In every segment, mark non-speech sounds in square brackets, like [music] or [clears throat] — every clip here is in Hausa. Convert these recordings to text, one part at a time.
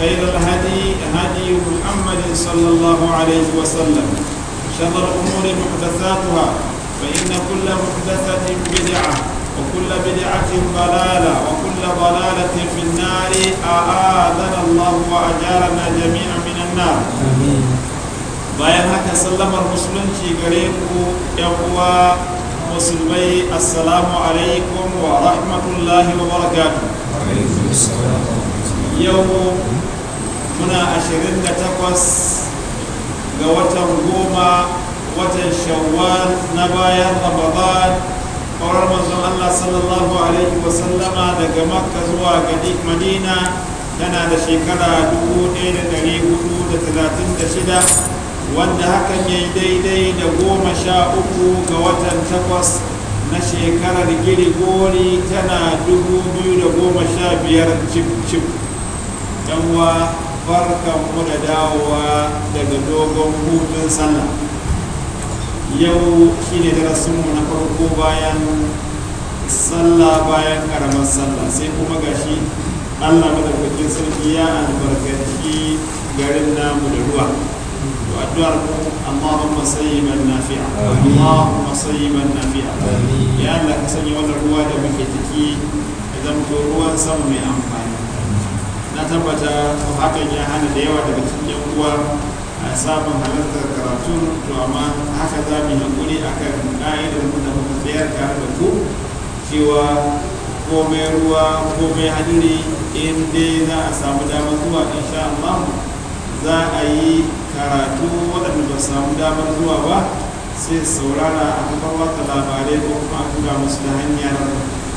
خير الهدي هدي محمد صلى الله عليه وسلم شر الأمور محدثاتها فإن كل محدثة بدعة وكل بدعة ضلالة وكل ضلالة في النار أعاذنا الله وأجارنا جميعا من النار آمين bayan haka sallamar musulunci gare ku yan uwa musulmai assalamu alaikum wa rahmatullahi wa barakatuh yau muna 28 ga watan goma watan shawwal na bayan ramadan ƙaurar manzon allah sallallahu alaihi wasallama daga makka zuwa ga madina tana da shekara 1436 wanda hakan ya yi daidai da goma sha uku ga watan takwas na shekarar girigori tana dubu cip da goma sha biyar barkanku da dawowa daga dogon hutun sallah yau shine darasinmu na farko bayan sallah bayan karamar sallah sai kuma gashi allah madaukakin sarki ya albarkaci garin namu da ruwa addu'ar ku amma ban musayyiman nafi'a allahu musayyiman nafi'a ya allah ka sanya wannan ruwa da muke ciki idan ko ruwan sama mai amfani na tabbata hakan ya hana da yawa daga cikin yan uwa a sabon halartar karatu to amma haka za mu hankuri akan ka'idar mu da muka tsayar tare da ku cewa komai ruwa komai hadiri in dai za a samu damar zuwa sha Allah za a yi karatu waɗanda ba samu damar zuwa ba sai saurara a kafar wata labarai ko kuma a tura musu da hanyar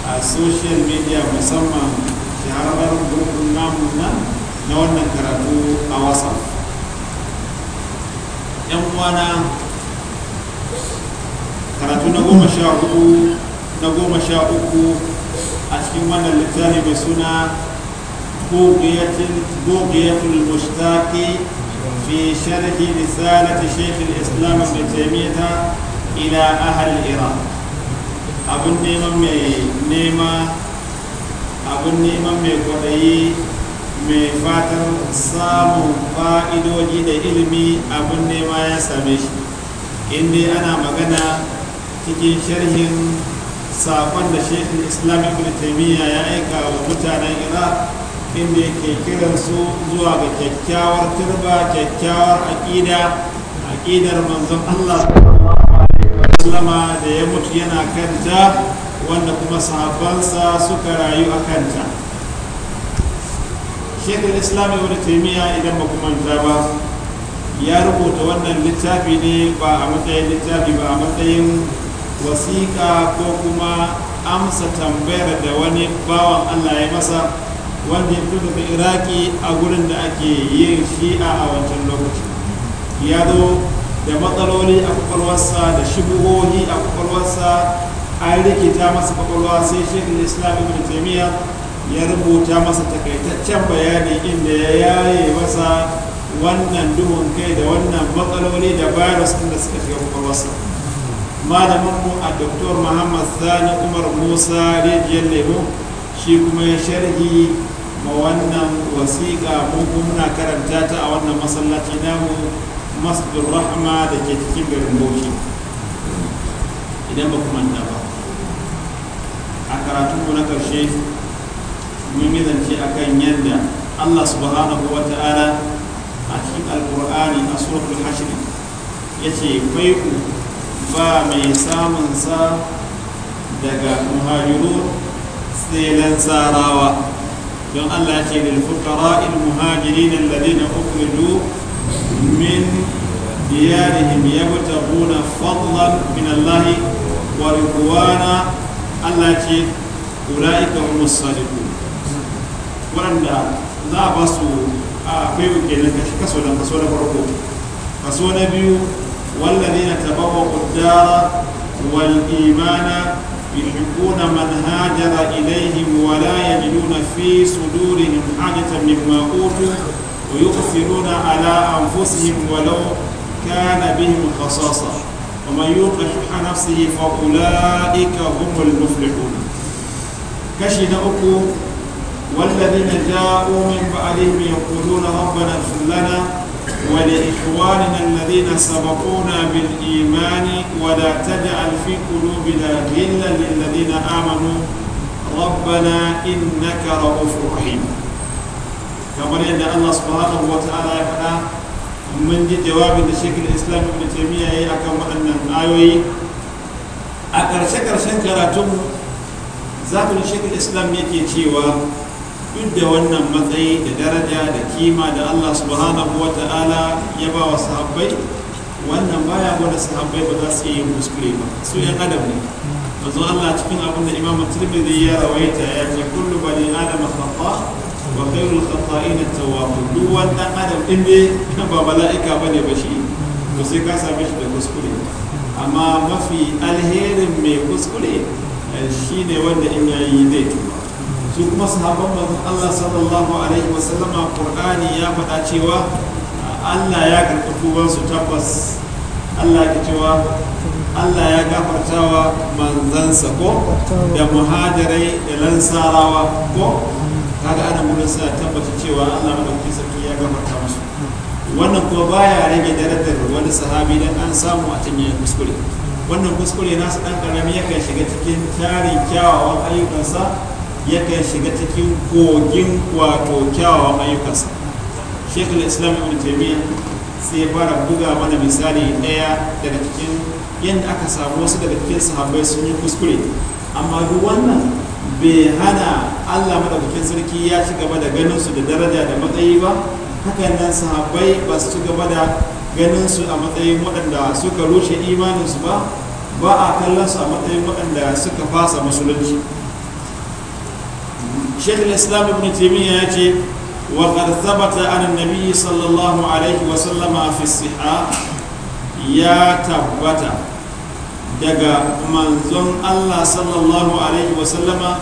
a social media musamman shahararren gurbin namun nan na wannan karatu a wasa. yan uwana karatu na goma sha hudu na goma sha uku a cikin wannan littafi mai suna bugiyatul mushtaqi في شرح رسالة شيخ الإسلام ابن تيمية إلى أهل العراق abin neman mai nema abun neman mai kwaɗayi mai fatar samun fa'idoji da ilimi abin nema ya same shi inda ana magana cikin sharhin saƙon da shekin islamic ibn ya aika wa mutanen iraq inda yake kiransu zuwa ga kyakkyawar turba kyakkyawar aƙida aƙidar manzon allah sallama da ya mutu yana kanta wanda kuma sahabbansa suka rayu a kanta shekar islam ibn taimiyya idan ba kuma ba ya rubuta wannan littafi ne ba a matsayin littafi ba a matsayin wasiƙa ko kuma amsa tambayar da wani bawan allah ya masa wanda ya fito daga iraki a gurin da ake yin shi'a a wancan lokaci ya zo da matsaloli a kwakwalwarsa da shigohi a kwakwalwarsa an ta masa kwakwalwa sai shekul islam ibn taimiyya ya rubuta masa takaitaccen bayani inda ya yaye masa wannan duhun kai da wannan matsaloli da virus din da suka shiga kwakwalwarsa malamin mu a dr muhammad zani umar musa rijiyar lemo shi kuma ya sharhi ma wannan wasiƙa mu muna karanta ta a wannan masallaci namu masjid rahma da ke cikin garin bauchi idan ba kuma ba a na ƙarshe mun yi zance a kan yadda allah subhanahu wa ta'ala a cikin alƙur'ani a suratul hashir ya ce bai'u ba mai samun sa daga muhajiru sai lansarawa don allah ce da fuqara il muhajirin alladhina ukhriju min diyarihim yabtaguna fadlan min allahi wa ridwana الله أولئك هم الصادقون ورندا لا بسوا أقوى آه، كنا كسولا كسولا بركو كسولا بيو والذين تبوأوا الدار والإيمان يحبون من هاجر إليهم ولا يجدون في صدورهم حاجة مما أوتوا ويؤثرون على أنفسهم ولو كان بهم خصاصة ومن يوق شح نفسه فأولئك هم المفلحون كشد أكو والذين جاءوا من بعدهم يقولون ربنا اغفر لنا ولإخواننا الذين سبقونا بالإيمان ولا تجعل في قلوبنا غلا للذين آمنوا ربنا إنك رؤوف رحيم كما أن الله سبحانه وتعالى يقول mun ji jawabin da shekul islam ibn taymiya yayi akan waɗannan ayoyi a ƙarshe ƙarshen karatun zafin shekul islam yake cewa duk da wannan matsayi da daraja da kima da allah subhanahu wa ta'ala ya ba wa sahabbai wannan baya gwada sahabbai ba za su yi kuskure ba su yan adam ne manzo allah cikin abin da imam tirmidhi ya rawaita ya ce kullu bani adam khata wa khairul khata'in at duk wani adam din ne ba mala'ika bane ba shi to sai ka same shi da kuskure amma mafi alherin mai kuskure shine wanda in yayi zai tuba su kuma sahabban manzon Allah sallallahu alaihi wa sallama ya faɗa cewa Allah ya karɓi tuban tabbas Allah ya cewa Allah ya gafartawa manzansa ko da muhajirai da lansarawa ko kaga ana wurin suna tabbata cewa Allah madaukakin sarki ya ta musu wannan kuma baya rage darajar wani sahabi dan an samu a can kuskure wannan kuskure nasu dan karami yakan shiga cikin tarin kyawawan ayyukansa yakan shiga cikin kogin wato kyawawan ayyukansa shekul islam ibn sai ya fara buga mana misali daya daga cikin yadda aka samu wasu daga cikin sahabbai sun yi kuskure amma duk wannan bai hana allah madaukakin sarki ya ci gaba da ganin su da daraja da matsayi ba hakan nan sahabbai ba su ci gaba da ganin su a matsayin waɗanda suka rushe imaninsu ba ba a kallon su a matsayin waɗanda suka fasa musulunci Shekaru islam ibn taimiyya ya ce وقد ثبت عن النبي sallallahu alaihi wa sallama في ya tabbata daga manzon Allah sallallahu alaihi wasallama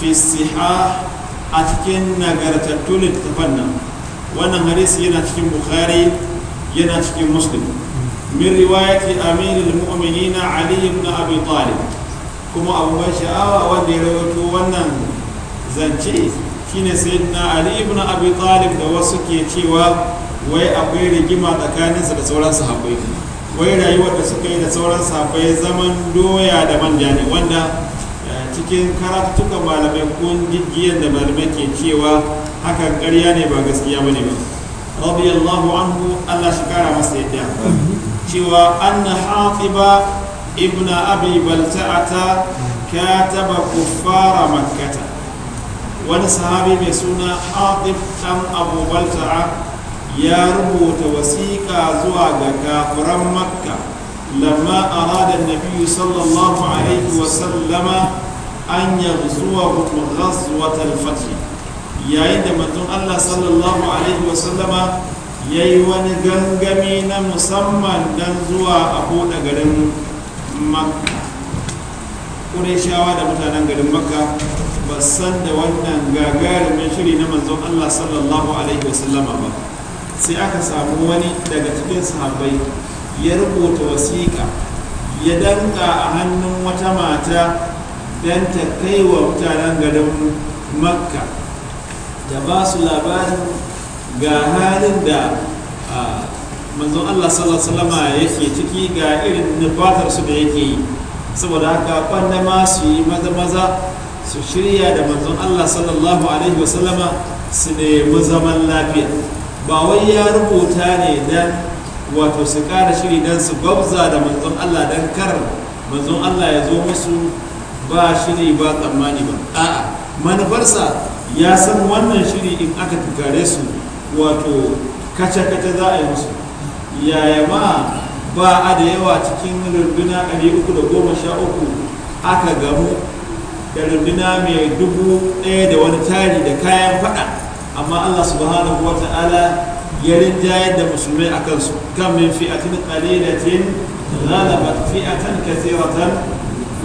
fi siha a cikin nagartattun littafan nan wannan hadisi yana cikin bukhari yana cikin muslim min riwayati amirul mu'minina ali ibn abi talib kuma abu sha'awa wanda ya rawaito wannan zance shine sayyidina ali ibn abi talib da wasu ke cewa wai akwai rigima tsakaninsa da sauran sahabbai wai rayuwar da suka yi da sauran safai zaman doya da manja ne wanda eh, cikin karatuka malamai kun jijiyar da malamai ke cewa hakan karya ne ba gaskiya bane ba radiyallahu anhu Allah shi kara masa yadda cewa anna hatiba ibn abi balta'ata kataba kuffara makata. wani sahabi mai suna hatib dan abu balta'a ya rubuta wasiƙa zuwa ga kafiran makka lamma a arada nabi sallallahu alaihi wasallama an hukun ghazwatal talfati yayin da mutum Allah sallallahu alaihi wasallama yi wani gangami na musamman don zuwa a buɗe garin makka shawa da mutanen garin makka ba san da wannan gagarumin shiri na manzon Allah sallallahu alaihi wasallama ba sai aka samu wani daga cikin sahabbai ya rubuta wasiƙa ya danka a hannun wata mata don ta kai wa mutanen gadon makka da ba su labarin ga halin da manzon allah sallama yake ciki ga irin nufatar su da yake yi saboda haka kwanda ma su yi maza maza su shirya da manzon allah sallallahu alaihi wasallama su nemi zaman lafiya ba wai ya rubuta ne dan wato su kara shiri dan su gwabza da manzon Allah dan kar manzon Allah ya zo musu ba shiri ba tsammani ba a'a manufarsa ya san wannan shiri in aka tukare su wato kace-kace za a yi musu yaya ma ba a da yawa cikin uku da goma sha uku aka gamu da runduna mai dubu ɗaya da wani tari da kayan faɗa amma Allah subhanahu wata'ala ya rinjayar da musulmai a kansu kan min fi'atin qalilatin ghalabat fi'atan kathiratan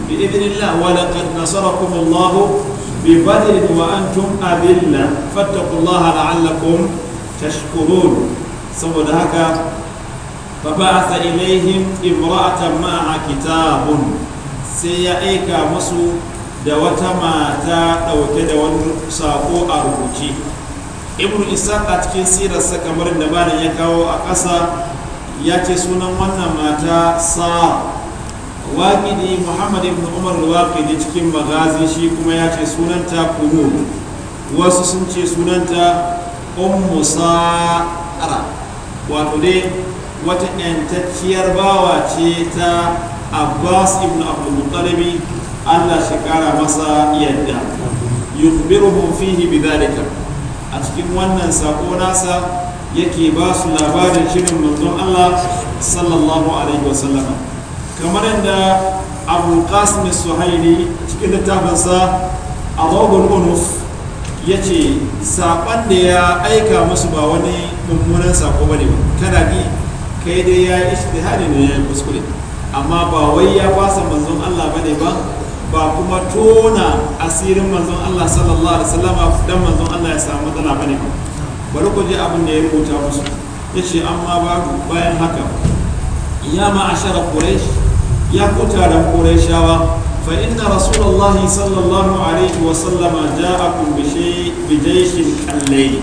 bi idnillah wa laqad nasarakum Allah bi badr wa antum adilla fattaqullaha la'allakum tashkurun saboda haka فبعث إليهم امرأة معها كتاب سيأيك مسو دوتما تا أو كدوان ساقو أرغوتي ibnu isaac a cikin sirarsa kamar da malam ya kawo a ƙasa ya ce sunan wannan mata sa waƙidi muhammad ibn umar waƙidi cikin magazi shi kuma ya ce sunanta kunu wasu sun ce sunanta ummu sa'ara wato dai wata yantacciyar bawa ce ta abbas ibn abdulmuttalibi allah shi kara masa yadda yukhbiruhum fihi bidhalika a cikin wannan sako nasa yake ba su labarin shirin manzon Allah sallallahu alaihi wasallam kamar yadda abu qasim suhaili cikin littafinsa a zogon ya ce saƙon da ya aika musu ba wani mummunan sako ba ne ba kana bi kai dai ya yi ishtihari ne ya yi kuskure amma ba wai ya fasa manzon Allah ba ne ba ba kuma tona asirin manzon Allah sallallahu alaihi wasallam dan manzon Allah ya samu matsala bane ba bari ku je abin da ya rubuta musu yace amma ba bayan haka ya ma ashara quraish ya ku taron qurayshawa fa inna rasulullahi sallallahu alaihi wasallam ja'akum bi shay bi jayshin allay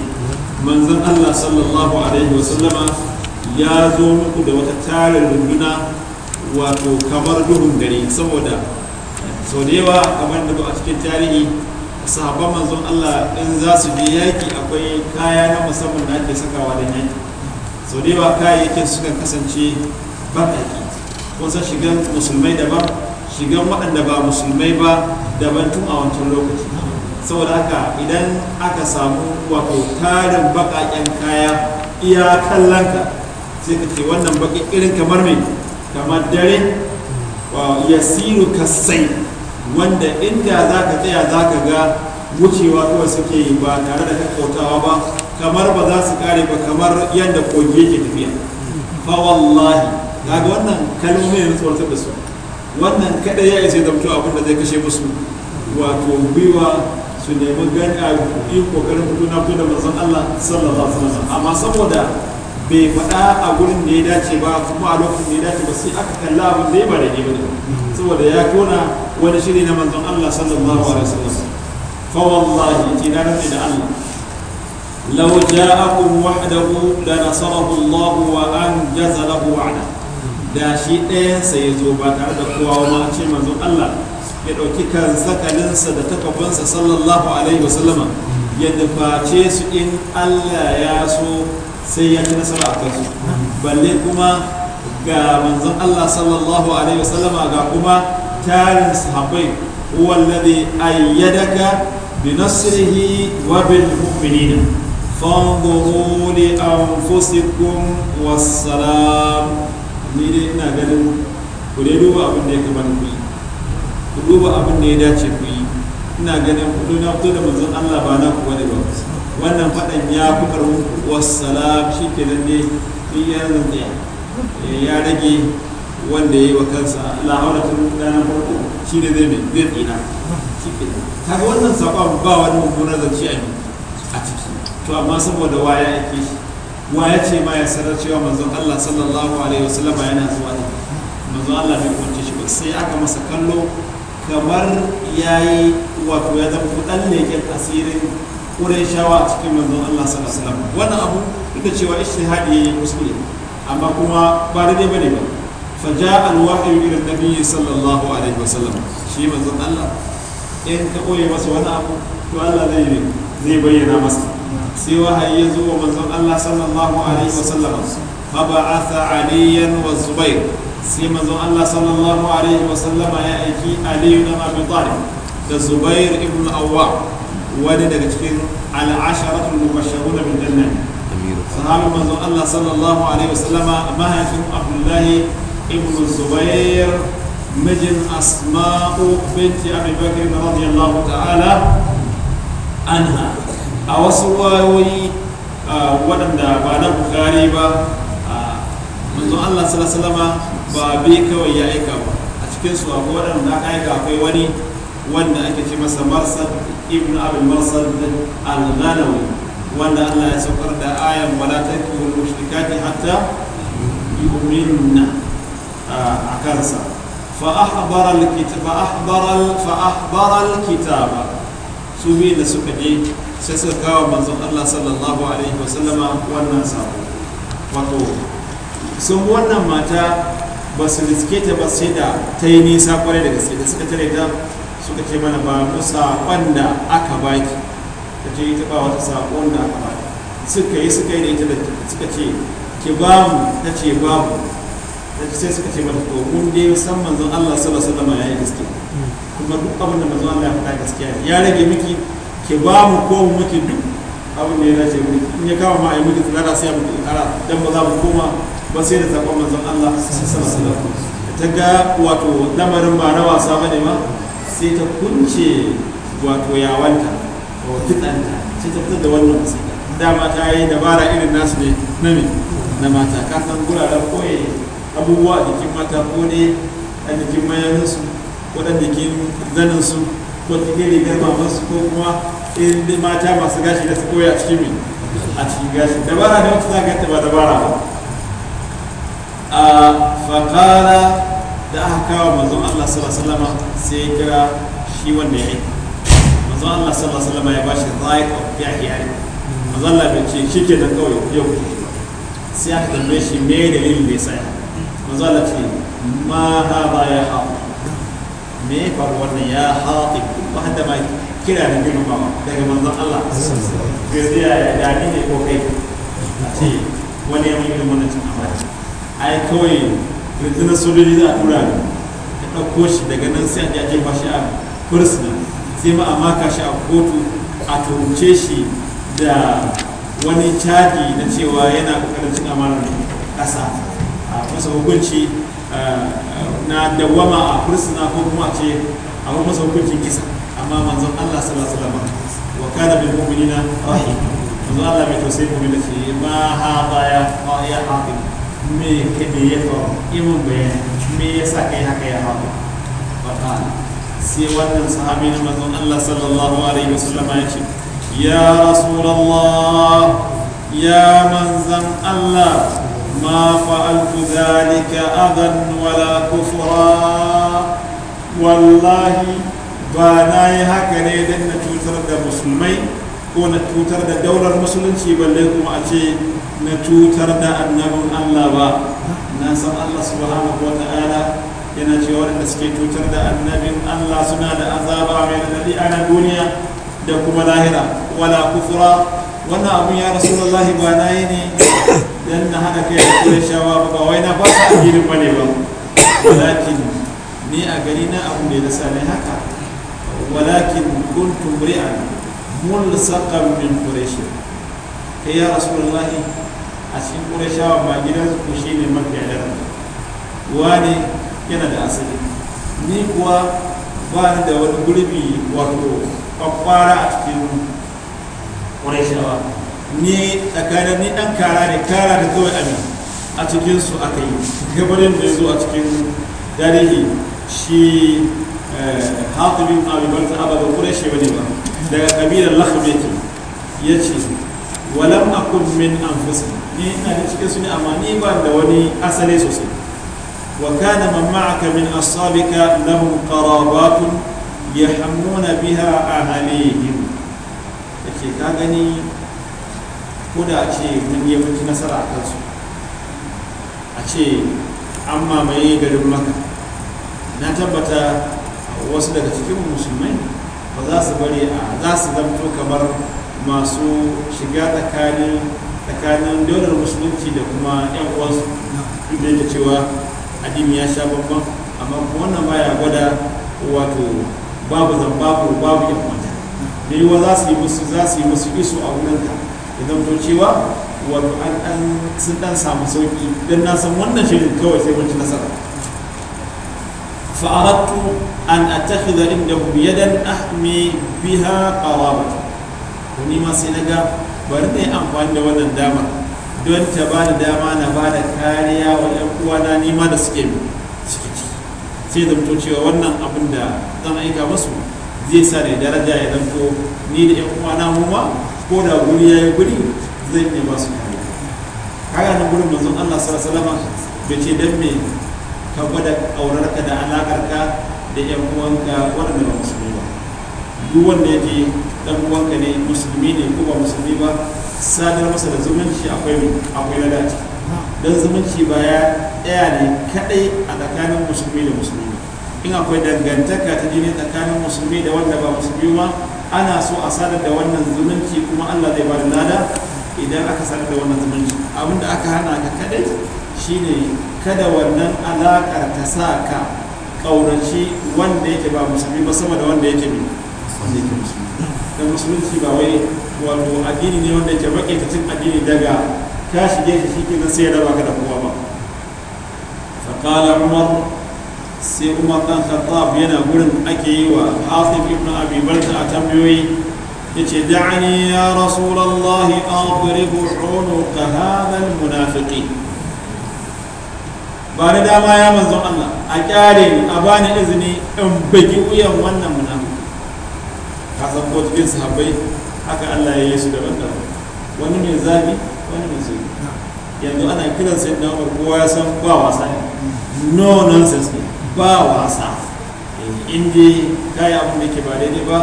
manzon Allah sallallahu alaihi wasallam ya zo muku da wata tarin runduna wato kamar duhun gari saboda sau da yawa kamar da a cikin tarihi sahabban manzon Allah in za su je yaki akwai kaya na musamman da ake sakawa da yaki sau da yawa kayayyakin suka kasance baƙaƙi kusan shigan musulmai daban shigan waɗanda ba musulmai ba daban tun a wancan lokaci saboda haka idan aka samu wato tarin baƙaƙen kaya iya kallanka sai ka ce wannan baƙi irin kamar mai kamar dare wa yasiru kasai wanda inda za ka tsaya za ka ga wucewa kawai suke yi ba tare da kakkautawa ba kamar ba za su kare ba kamar yadda kogi yake tafiya fa wallahi Daga wannan kalmomi ne tsoratar da su wannan kada ya isa zamto abin da zai kashe musu wato gwiwa su nemi gani a yi kokarin fito na fito da manzon Allah sallallahu alaihi wasallam amma saboda bai faɗa a gurin da ya dace ba kuma a lokacin da ya dace ba sai aka kalla abin da ya ba daidai ba saboda ya kona wani shiri na manzon Allah sallallahu alaihi wasallam fa wallahi ina rabbi da Allah law ja'akum wahdahu la nasarahu Allah wa anjaza lahu wa'da da shi ɗayan sa ya zo ba tare da kowa ma ce manzon Allah ya ɗauki kan sakalinsa da takabansa sallallahu alaihi wasallama ya nuface su in Allah ya so sai ya ci nasara a kansu balle kuma ga manzon Allah sallallahu alaihi wasallama ga kuma tarin sahabbai huwa alladhi ayyadaka bi nasrihi wa bil mu'minin fanzuru li anfusikum wassalam ni dai ina ganin ku dai duba abin da ya kamata ku yi ku duba abin da ya dace ku yi ina ganin ku na fito da manzon Allah ba na ku wani ba wannan faɗan ya fi ƙarfin wassalam shi ke nan ne in ya zanzaya eh, ya rage wanda ya yi wa kansa la'aura tun ranar farko shi ne zai zai tsina shi ke nan kaga wannan saƙon ba wani mummunar zance a ciki to amma saboda waya ya shi waya ce ma ya sanar cewa manzon Allah sallallahu alaihi wasallama yana zuwa ne manzon Allah bai kwance shi ba sai aka masa kallo kamar yayi wato ya zama kudan leken asirin shawa a cikin manzon Allah sallallahu alaihi wasallam wannan abu duk da cewa ishtihadi yayi kuskure amma kuma ba daidai bane ba fa ja'a al-wahyu ila an-nabi sallallahu alaihi wasallam shi manzon Allah in ka koye masa wani abu to Allah zai zai bayyana masa sai wahayi ya zo wa manzon Allah sallallahu alaihi wasallam fa ba'atha aliyan wa zubair sai manzon Allah sallallahu alaihi wasallam ya aiki aliyu ibn abi talib da zubair ibn awwab wani daga cikin al'asharatul mubashshiruna bil janna sahabin manzo Allah sallallahu alaihi wasallama mahaifin Abdullahi ibn Zubair mijin Asma'u binti Abi Bakr radiyallahu ta'ala anha a wasu wayoyi waɗanda ba na Bukhari ba manzo Allah sallallahu alaihi wasallama ba bai kawai ya aika ba a cikin su akwai waɗanda aka aika akwai wani wanda ake ce masa marsal ibn abul marsal al-ghanawi wanda Allah ya saukar da ayan wala tankihu mushrikati hatta yu'minna a kansa fa ahbara al-kitab fa ahbara fa ahbara al-kitab su bi da sai suka kawo manzon Allah sallallahu alaihi wasallama wannan sabo wato sun wannan mata ba su ta ba sai da ta yi nisa kwarai da da suka tare suka ce mana ba mu saƙon da aka baki ta ce ita ba wata saƙon da aka baki suka yi suka yi da ita da suka ce ki ba mu ta ce babu ta ce sai suka ce mata to mun dai san manzon Allah sallallahu alaihi wasallam ya yi gaske kuma duk abin da manzon Allah ya faɗa gaskiya ya rage miki ki ba mu ko mu miki duk abin da ya dace miki in ya kama ma a yi miki tsara sai mu ƙara dan ba za mu koma ba sai da saƙon manzon Allah sallallahu alaihi wasallam ta ga wato lamarin ba na wasa ba ne ma sai ta kunce wato yawanta ko kitsanta sai ta fitar da wannan wasiƙa dama ta yi dabara irin nasu ne na me na mata ka san guraren koye abubuwa a jikin mata ko ne a jikin mayaninsu ko ɗan jikin zaninsu ko cikin rigar mamansu ko kuma irin mata masu gashi da su koya a cikin mai a cikin gashi dabara da wata za ka ba dabara ba a fakara da aka kawo manzon Allah sallallahu alaihi wasallam sai ya kira shi wanda ya aika manzon Allah sallallahu alaihi wasallam ya bashi zaik of yahya manzon Allah bai ce shi ke da kawai yau sai aka tambaye shi me dalilin da ya sa manzon Allah ce ma ba ya hafi me ya faru wannan ya hafi ba hada ma kira da girmamawa daga manzon Allah Gaskiya ya dani ne ko kai a ce wani ya mun irin wannan cin amana ai kawai rundunar sojoji za a tura ne ya ɗauko shi daga nan sai a ji a jefa shi a fursuna sai ma a maka shi a kotu a tuhumce shi da wani caji na cewa yana kokarin cin amanar ƙasa a masa hukunci na dawama a fursuna ko kuma a ce a masa hukuncin kisa amma manzon Allah sallallahu alaihi wa kana bil mu'minina rahim manzon Allah mai tausayi mu'mina ce ma ha ya ya hafi me me ya sa haka ya sai wannan sahabi na manzon Allah sallallahu alaihi ya ce ya ya Allah ما فعلت ذلك أذى ولا كفرا والله باناي هكذا دنا توتر ko na da daular musulunci balle a ce na cutar da annabin Allah ba na san Allah subhanahu wa ta'ala yana cewa waɗanda suke cutar da annabin Allah suna da azaba mai radadi a na duniya da kuma lahira wala kufura wannan abun ya rasulullahi ba na yi ne dan na hana kai da kira shawa ba wai na ba ta addinin ba ne ba walakin ni a gani na abu ne na sani haka walakin kuntum ri'an mulsaqan min quraish ya rasulullahi a cikin shawa ma gidan su shi ne mafi yaran wane yana da asali ni kuwa ba ni da wani gurbi wato kwakwara a cikin ƙurashawa ni tsakanin ni ɗan kara ne kara da kawai ami a cikin su aka yi gabanin da ya zo a cikin tarihi shi eh, hatibin abubakar ta abaga ƙurashe ba ne ba daga kabilar lahab yake ya ce walam akun min anfusihim ni ina da cikin su ne amma ni ba da wani asali sosai wa kana man ma'aka min ashabika lahum qarabatun yahmuna biha ahalihim yace ka gani ko da a ce mun yi mun nasara a kansu a ce an mamaye garin maka na tabbata wasu daga cikin musulmai ba za su bari a za su zamto kamar masu shiga tsakanin tsakanin daular musulunci da kuma yan uwansu duk da cewa addini ya sha babban amma kuma wannan baya gwada wato babu zambabu babu yan uwanta da yiwuwa za su yi musu za su yi musu isu a wurinka idan to cewa wato an dan sun dan samu sauki dan na san wannan shirin kawai sai mun ci nasara فأردت أن أتخذ عنده يدا أحمي بها قرابتي ونما سنجا bari ne amfani da wannan dama don ta ba da dama na ba da kariya wa 'yan uwana nima da suke ciki ciki sai zamto cewa wannan abin da zan aika masu zai sa da daraja ya ko ni da 'yan uwana mu ma ko da guri ya yi guri zai iya ba su kariya kaga na gurin manzon Allah sallallahu alaihi wasallam bai ce dan me ka gwada aurarka da alakarka da 'yan uwanka waɗanda ba musulmi ba duk wanda ya je dan uwanka ne musulmi ne ko ba musulmi ba sadar masa da zumunci akwai akwai na dace dan zumunci ba ya daya ne kadai a tsakanin musulmi da musulmi in akwai dangantaka ta jini tsakanin musulmi da wanda ba musulmi ba ana so a sadar da wannan zumunci kuma Allah zai bada lada idan aka sadar da wannan zumunci abinda aka hana ka kadai shine kada wannan alakar ta sa ka ƙaunaci wanda yake ba musulmi ba sama da wanda yake ne wanda yake musulmi da musulunci ba wai wato addini ne wanda ke makaitacin addini daga ka shige shi shi ke sai ya raba ka da kowa ba faƙala umar sai umar ɗan khattab yana gurin ake yi wa hafi ibn abi balta a tambayoyi ya ce da'ani ya rasulallahi adribu unuka hadha almunafiqi ba ni dama ya manzon Allah a kyare a bani izini in bagi wuyan wannan ka san ko cikin sahabbai haka Allah ya yi su daban daban wani mai zabi wani mai zubi yanzu ana kiran sai na umar kowa ya san ba wasa ne no nonsense ne ba wasa in dai ka abin da ke ba daidai ba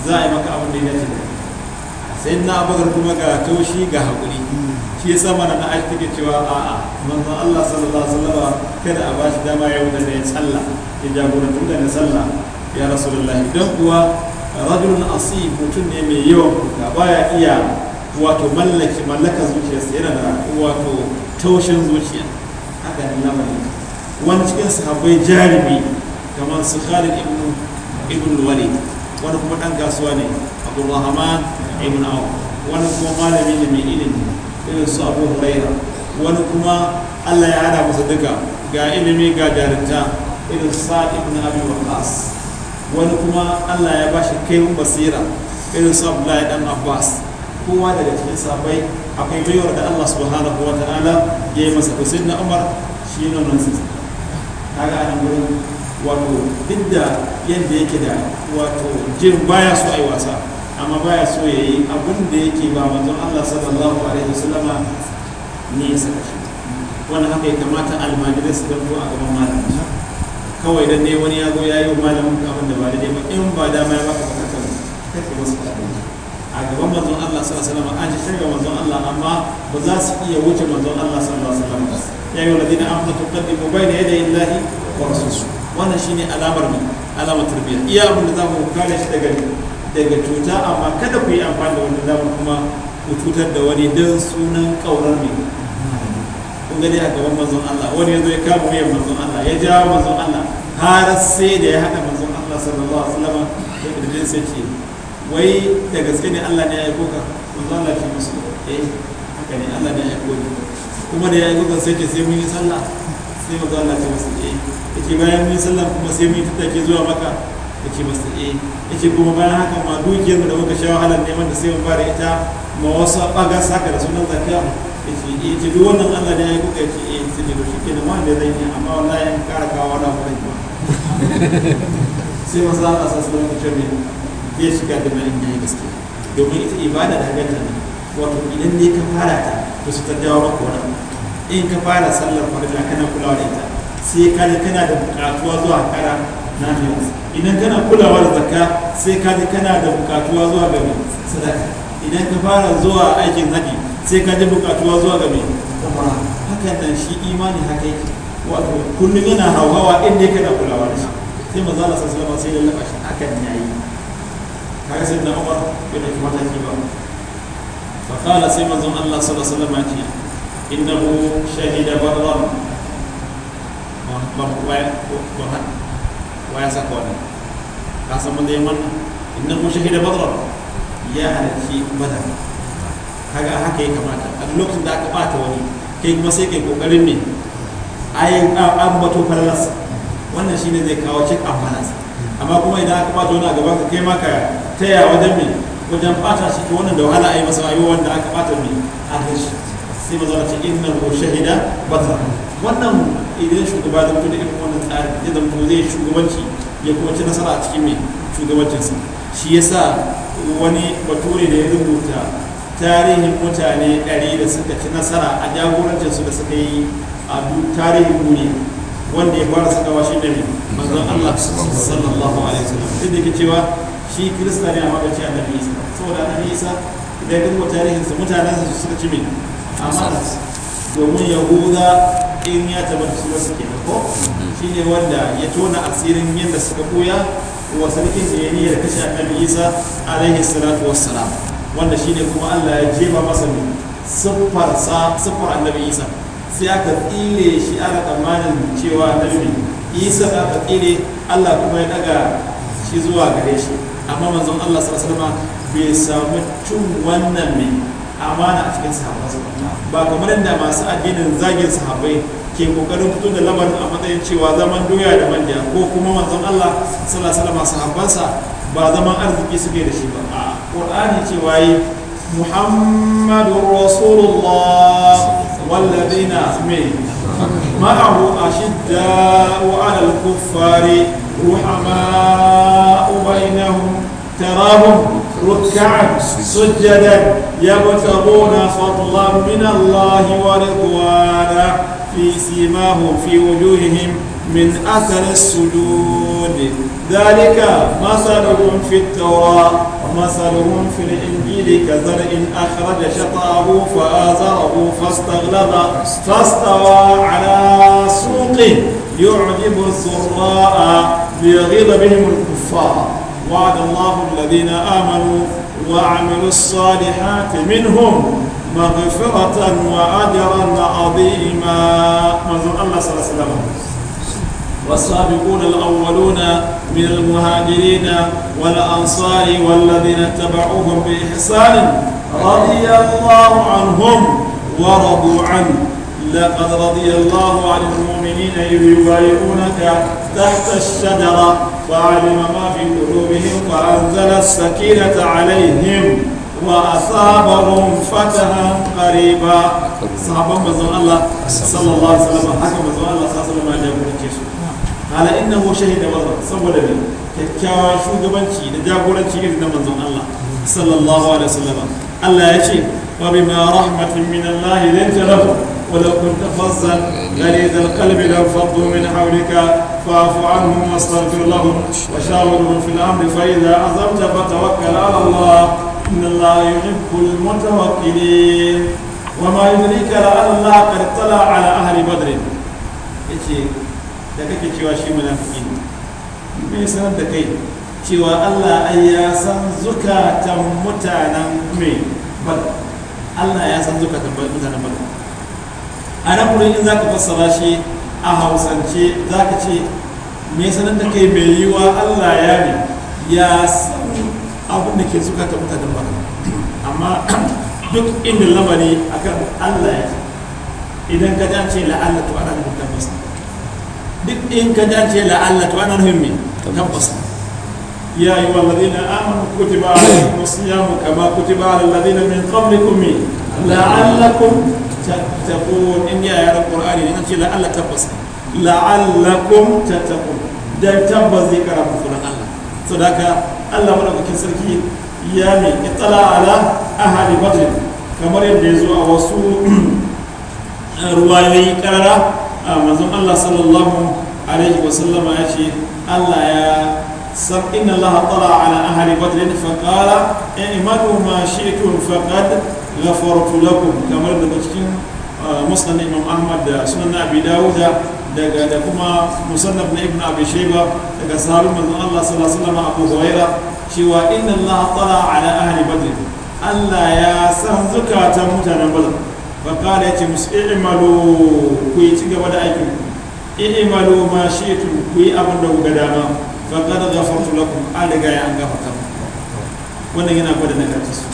za a yi maka abin da ya dace da sai na abubakar kuma ga taushi ga haƙuri shi ya sama na aiki take cewa a'a manzon Allah sallallahu alaihi wasallam kada a bashi dama ya wuce da ya tsalla ya jagoranci mutane sallah ya rasulullahi don kuwa rajulun asib mutum ne mai yawan kuka baya iya wato mallaki mallaka zuciyarsa yana da wato taushin zuciya haka ne lamarin wani cikin sahabbai jarumi kamar su Khalid ibn ibn Walid wani kuma dan kasuwa ne Abu Rahman ibn Auf wani kuma malami ne mai ilimi irin su Abu Huraira wani kuma Allah ya hada masa duka ga ilimi ga jarinta irin Sa'id ibn Abi Waqqas wani kuma allah ya ba shi kai basira irin su abdullahi dan abbas kowa daga cikin sabai akwai baiwar da allah subhanahu wa ta'ala ya yi masa kusur na umar shi ne nan su kaga anan wurin wato duk da yadda yake da wato jin baya so a yi wasa amma baya so ya yi abin da yake ba manzon allah sallallahu alaihi wasallama ne ya saka shi wani haka ya kamata almajirai su zanto a gaban malamin kawai dan ne wani ya zo ya yi wa malamin abin da ba da ba in ba dama ya baka bukatan kake musu a gaban manzon Allah sallallahu alaihi wasallam an ji shirga manzon Allah amma ba za su iya wuce manzon Allah sallallahu alaihi wasallam ya yi wani ladina amanu tuqaddimu bayna yaday Allahi wa rasulihi wannan shine alamar mu alamar tarbiyya iya abin da za mu kare shi daga daga cuta amma kada ku yi amfani da wanda za mu kuma ku cutar da wani don sunan ƙaurar ne kun gani a gaban manzon Allah wani ya zo ya kama wuyan manzon Allah ya ja manzon Allah har sai da ya haɗa manzon Allah sallallahu alaihi wasallam da ƙirjin sai wai da gaske ne Allah ne ya aiko ka manzon Allah ce musu eh haka ne Allah ne ya aiko ni kuma da ya aiko ka sai ce sai mun yi sallah sai manzon Allah ce musu eh yake bayan mun yi sallah kuma sai mun yi tattake zuwa maka yake musu eh yake kuma bayan haka ma dukiyar da muka sha wahalar neman da sai mun fara ita ma wasu bagas haka da sunan zakiya ce eh ce duk wannan Allah ne ya kuka ce eh ce duk shi kenan wanda zai yi amma wallahi an kara kawo wani abu ba [laughs] sai masu a sa sauran mutum ne zai shiga da mai yayi gaske domin ita ibada da ganta ne wato idan ne ka fara ta to su ta dawo maka wani in ka fara sallar farilla kana kulawa da ita sai ka ji kana da bukatuwa zuwa kara na idan kana kulawa da zakka sai ka ji kana da bukatuwa zuwa ga sadaka idan ka fara zuwa aikin haji sai ka ji bukatuwa zuwa ga mai hakan nan shi imani haka yake wato kullum yana hauhawa inda yake na kulawa da shi sai maza na sallallahu alaihi sai ya lallaba shi hakan yayi kaga sai da Umar bai da mataki ba fa qala sai manzo Allah sallallahu alaihi wasallam ce innahu shahida barran wa ya saka wannan ka san mun da yaman innahu shahida barran ya halarci badar kaga haka ya kamata a lokacin da aka bata wani kai kuma sai kai kokarin ne a an bato farlas wannan shine zai kawo cik and amma kuma idan aka bata wani a gaba ka kai maka taya wajen me wajen bata shi to wannan da wahala yi masa ayi wanda aka bata me a kai shi sai mazo ce inna hu shahida bata wannan idan shugaba da mutu da irin wannan tsari ya zama zai shugabanci ya kuma ci nasara a cikin me shugabancinsa shi yasa wani bature da ya rubuta tarihin mutane ɗari da suka ci nasara a jagorancin su da suka yi a tarihin duniya wanda ya fara sakawa shi da manzon Allah sallallahu alaihi wasallam duk da ke cewa shi kirista ne a ba a annabi Isa saboda annabi Isa idan duk tarihin sa mutanen su suka ci min amma domin yahuda in ya tabbata su wasu kenan ko Shi ne wanda ya tona asirin yadda suka koya wa sarkin da ya niyyar kashe annabi Isa alaihi salatu wassalam wanda shine kuma Allah ya jefa masa ne siffar sa siffar annabi Isa sai aka tsire shi aka tsammanin cewa annabi Isa da aka tsire Allah kuma ya daga shi zuwa gare shi amma manzon Allah sallallahu alaihi bai samu cin wannan ne amana a cikin sahabbansa ba kamar yadda masu addinin zagin sahabbai ke kokarin fito da lamarin a matsayin cewa zaman doya da manja ko kuma manzon Allah sallallahu alaihi wasallam sahabbansa ba zaman arziki suke da shi ba a'a القرآن تواي محمد رسول الله والذين آمنوا معه أشداء على الكفار رحماء بينهم تراهم ركعا سجدا يبتغون فضلا من الله ورضوانا في سيماهم في وجوههم من أثر السجود ذلك مثلهم في التوراة ومثلهم في الإنجيل كزرع أخرج شطاه فآزره فاستغلظ فاستوى على سوقه يعجب الزراء ليغيظ بهم الكفار وعد الله الذين آمنوا وعملوا الصالحات منهم مغفرة وأجرا عظيما منذ الله صلى الله عليه وسلم والسابقون الأولون من المهاجرين والأنصار والذين اتبعوهم بإحسان رضي الله عنهم ورضوا عنه لقد رضي الله عن المؤمنين إذ يبايعونك تحت الشجرة وعلم ما في قلوبهم وأنزل السكينة عليهم وأصابهم فتحا قريبا صحابة مزون الله صلى الله عليه وسلم حكم مزون الله صلى الله عليه وسلم ala innahu shahida wazra saboda ne kyakkyawan shugabanci da jagoranci irin na manzon Allah sallallahu alaihi wasallam Allah ya ce wa bima rahmatin min Allah lanta lahu wa law kunta fazzan ghalid alqalbi law faddu min hawlika fa'fu anhum wastaghfir lahum wa shawirhum fil amri fa idha azamta fatawakkal ala Allah inna Allah yuhibbul mutawakkilin وما يدريك لعل الله قد اطلع على اهل بدر. da kake cewa shi munafiki ne me sanar da kai cewa Allah an ya san zukatan mutanen mai bal Allah ya san zukatan mutanen bal a nan wurin in za ka fassara shi a hausance za ka ce me sanar da kai mai wa Allah ya ne ya san abin da ke zukatan mutanen bal amma [clears throat] duk inda lamari akan Allah ya ce. idan ka dace la'allatu ala mutanen masa duk in ka dace la'alla to ana nufin me tabbas ya yi wa ladina amanu kutiba alaikum siyamu kama kutiba alal ladina min qablikum la'allakum tattaqun in ya yaran qur'ani in ce la'alla tabbas la'allakum tattaqun dan tabbas zai kara muku Allah to da ka Allah madaukakin sarki ya mai itala ala ahli badr kamar yadda ya a wasu [clears throat] ruwayoyi karara manzon Allah sallallahu alaihi wa sallama ya ce Allah ya san inna Allah tala ala ahli badr fa qala i'malu ma shi'tum faqad ghafartu lakum kamar daga cikin uh, musnad Imam Ahmad da sunan Abi Dawud daga da kuma musannaf na Ibn Abi Shayba daga sahabin manzon Allah sallallahu alaihi wa sallama Abu Hurairah cewa inna Allah tala ala ahli badr Allah ya san zukatan mutanen badr faƙala ce musu ku yi gaba da ma shi اعملوا ku yi abin da ما dama faƙala أبنوا قداما فقد غفرت لكم ألقى an gafa غفرتم wannan yana gwada na nagarta su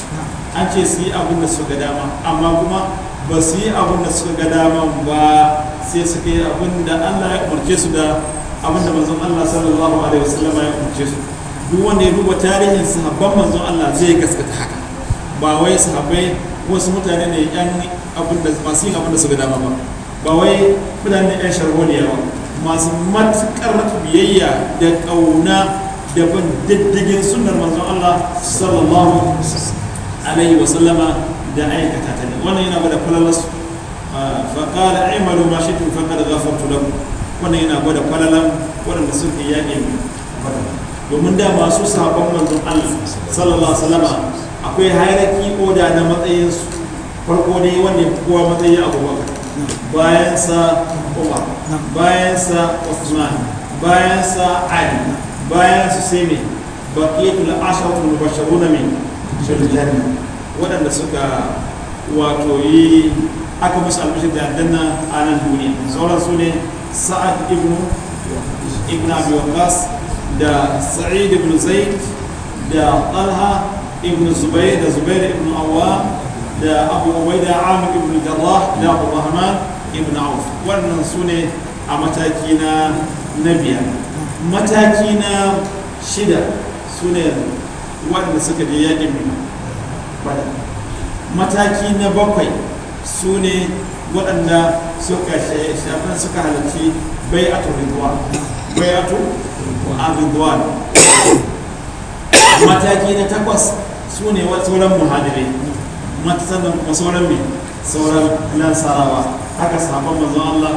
an ce su yi abin da suka dama amma kuma ba su yi abin da suka ga dama ba sai su kai abin da Allah ya umarce su da abin da manzon Allah sallallahu alaihi wasallam ya umarce su duk wanda ya duba tarihin sahabban manzon Allah zai gaskata haka ba wai sahabbai wasu mutane ne yan abin da masu yin abin da suka dama ba ba wai mutane ne yan sharholiya ba masu matukar biyayya da ƙauna da bin diddigin sunnar manzon Allah sallallahu alaihi wa sallama da aikata ta ne wannan yana gwada falalas ah, faƙala aimalu ma shi tufa kada gafartu tulabu wannan yana gwada falalan waɗanda yaƙi yaƙin domin da masu sabon manzon Allah sallallahu alaihi wa sallama akwai hierarchy da na matsayin su farko dai wanda kowa matsayi abubakar bayan sa kuma bayan sa usman bayan sa ali bayan su sai mai ashirin da mubashshiruna na mai shirin waɗanda suka wato yi aka musu albishir da danna a nan duniya sauran su ne sa'ad ibn ibn abu da sa'id ibn zaid da talha ibn zubair da zubair ibn Awa da abu ubaida amir ibn jarrah da abu rahman ibn auf wannan su ne a mataki na biyar mataki na shida su ne waɗanda suka je yaƙin bada mataki su ne waɗanda suka shafin suka halarci bai a turinduwa bai a turinduwa [coughs] mataki na takwas su ne sauran muhadirai mata sannan kuma sauran mai sauran lansarawa haka sahabban manzon Allah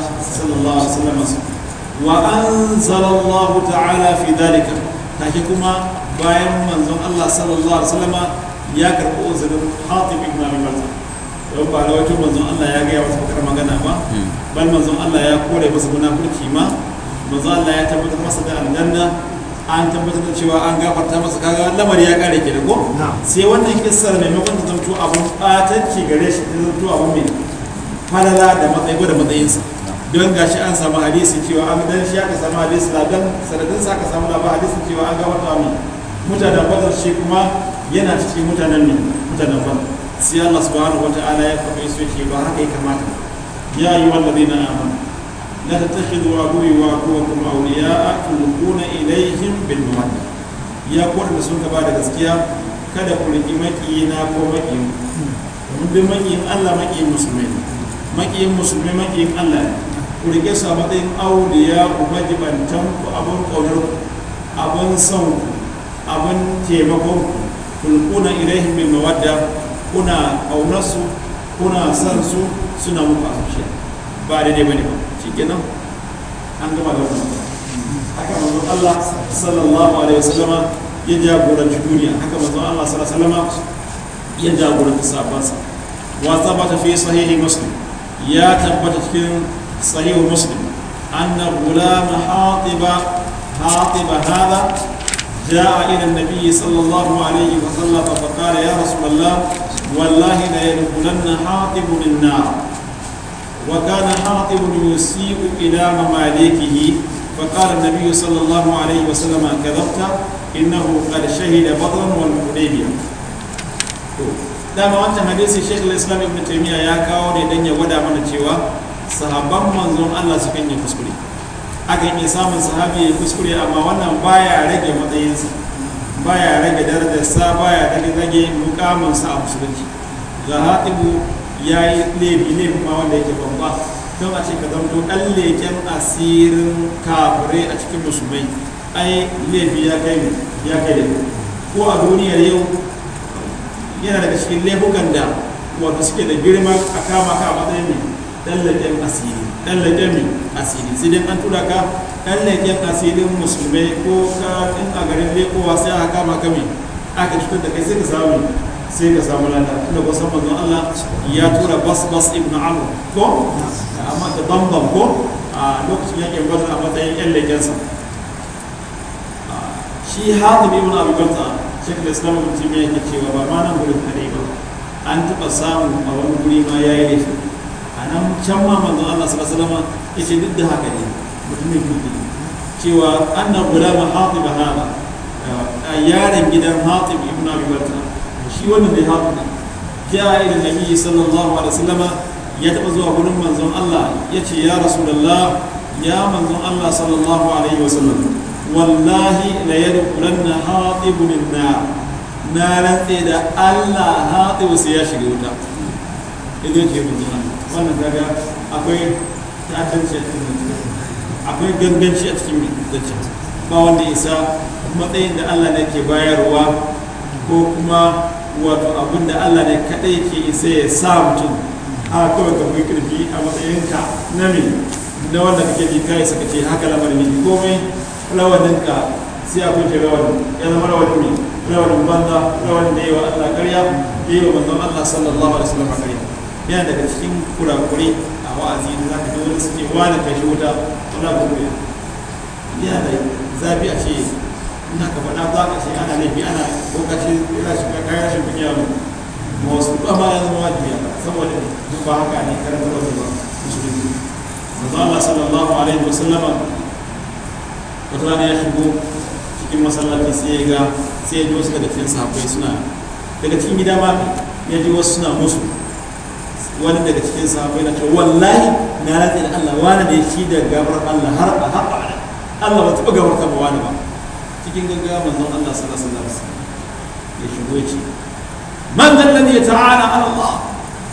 sallallahu alaihi wasallam su wa an Allah ta'ala fi dalika take kuma bayan manzon Allah sallallahu alaihi wasallam ya karɓi uzurin Hatib ibn Abi Balta don ba rawaito manzon Allah ya gaya wasu bakar magana ba hmm. bal manzon Allah ya kore masa munafurci ma manzon Allah ya tabbatar masa da aljanna an tabbatar da cewa an gafarta masa kaga lamari ya kare ke da ko sai wannan ne mai ta zanto abun batanci gare shi ta zanto abun mai falala da matsayi da matsayinsa don gashi an samu hadisi cewa an dan shi aka samu hadisi na dan sanadin sa aka samu labar hadisi cewa an gafarta mai mutanen badar shi kuma yana cikin mutanen ne mutanen badar sai Allah subhanahu wataala ya faɗi su ce ba haka ya kamata ya yi wallazina amanu لا تتخذوا عدوي وعدوكم أولياء تلقون إليهم بالمودة يا قول مسلم كبار gaskiya kada ku riki makiyina ko makiyin mun bi makiyin Allah makiyin musulmai makiyin musulmai makiyin ku rike su a matsayin auliya ku majibantan ku abun kaunar ku abun son ku abun taimakon ku tulquna ilaihim bil mawadda kuna kaunar su kuna san su suna muku asubshe ba daidai bane ba shi kenan an gama da wannan haka manzo Allah sallallahu alaihi wasallama ya jagoranci duniya haka manzo Allah sallallahu alaihi wasallama ya jagoranci safansa wa thabata fi sahihi muslim ya tabbata cikin sahihi muslim anna gulama hatiba hatiba hada جاء إلى النبي صلى الله عليه وسلم فقال يا رسول الله والله ليدخلن حاطب النار وكان حاطب يسيء إلى مماليكه فقال النبي صلى الله عليه وسلم كذبت إنه قد شهد بدرا والحديبية dama wancan hadisi shekul islam ibn taimiyya ya kawo ne dan ya gwada mana cewa sahabban manzon allah su kan yi kuskure akan iya samun sahabi ya kuskure amma wannan baya rage matsayinsa baya rage darajarsa baya rage mukaminsa a musulunci ga ya yi laifi laifin ma wanda yake bamba don a ce ka zamto ɗan leken asirin kafirai a cikin musulmai ai laifi ya kai ya kai ko a duniyar yau yana daga cikin laifukan da wato suke da girma a kama ka a matsayin ne dan leken asiri dan leken asiri sai dai an tura ka dan leken asirin musulmai ko ka in a garin lekowa sai aka kama ka mai aka cutar da kai sai ka samu sai ka samu lada inda ko san manzon Allah ya tura bas bas ibn amr ko amma da bambam ko a lokacin yakin badar a matsayin yan legensa shi hatim ibn abi balta shekul islam ibn timiya yake cewa ba ma nan gurin kare ba an taba samu a wani guri ma yayi laifi a nan can ma manzon Allah sallallahu alaihi wasallam yace duk da haka ne mutumin kirki cewa annan gulama hatim hada yaron gidan hatim ibn abi balta shi wannan da ya irin nabi sallallahu alaihi wasallama ya zuwa gurin manzon Allah ya ce ya rasulullah ya manzon Allah sallallahu alaihi wasallam wallahi la yadkhulanna hatibun nar na da Allah hatibu sai ya shiga wuta idan ke manzon Allah wannan akwai ta'addanci a cikin akwai ganganci a cikin zancen ba wanda isa matsayin da Allah ne ke bayarwa ko kuma wato abin da Allah ne kadai ke isa ya sa mutum a kawai ka kai kirfi a matsayinka na me na wanda kake ji isa ka ce haka lamarin ne komai rawanin ka sai a kunce rawanin ya zama rawanin ne rawanin banza rawanin da yawa Allah karya yawa manzon Allah sallallahu alaihi wasallam karya yana daga cikin kurakure a wa'azi da za ka ji wani suke wani kashi wuta wani abu ne yana da zafi a ce ina ka faɗa ba ka ce ana laifi ana lokacin ina shiga kayan shi biya mu wasu ɗama ya zama wajibiya saboda duk ba haka ne karanta wasu ba musulunci manzo Allah sallallahu alaihi wa sallama wata rana ya shigo cikin masallaci sai ya ga sai ya ji wasu daga cikin sahabbai suna daga cikin gida ma ya ji wasu suna musu wani daga cikin sahabbai na ce wallahi na rantsa da Allah wani ne shi da gabar Allah har a haɓa Allah ba taɓa gabar ta ba wani ba cikin gaggawa manzon Allah sallallahu alaihi wasallam ya shigo ya man man nan ya ta'ala ala Allah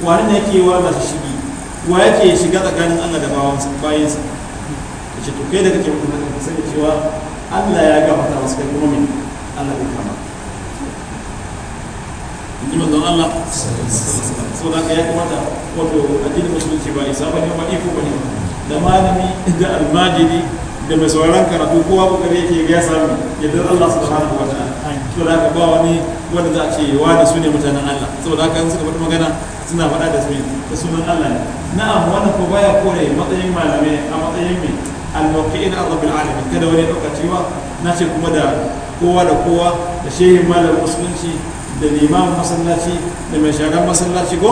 wani ne yake warda shi shigi wa yake shiga tsakanin Allah da bayin sa yace to kai da kake mutum ka sani cewa Allah ya gafarta wasu kai kuma min Allah bai kama in ji manzon Allah so da ka ya kamata wato addinin musulunci ba isa ne ba iko ne da malami da almajiri da mai sauraron karatu kowa kare yake ya samu yadda Allah subhanahu wa ta'ala to da ka ba wani wanda za a ce wa da su ne mutanen Allah saboda haka suka faɗi magana suna faɗa da su da sunan Allah ne na'am wanda ko baya kore matsayin malamai a matsayin mai alwaqi'in rabbil alamin kada wani lokaci wa na ce kuma da kowa da kowa da shehin malamin musulunci da limamin masallaci da mai shagar masallaci ko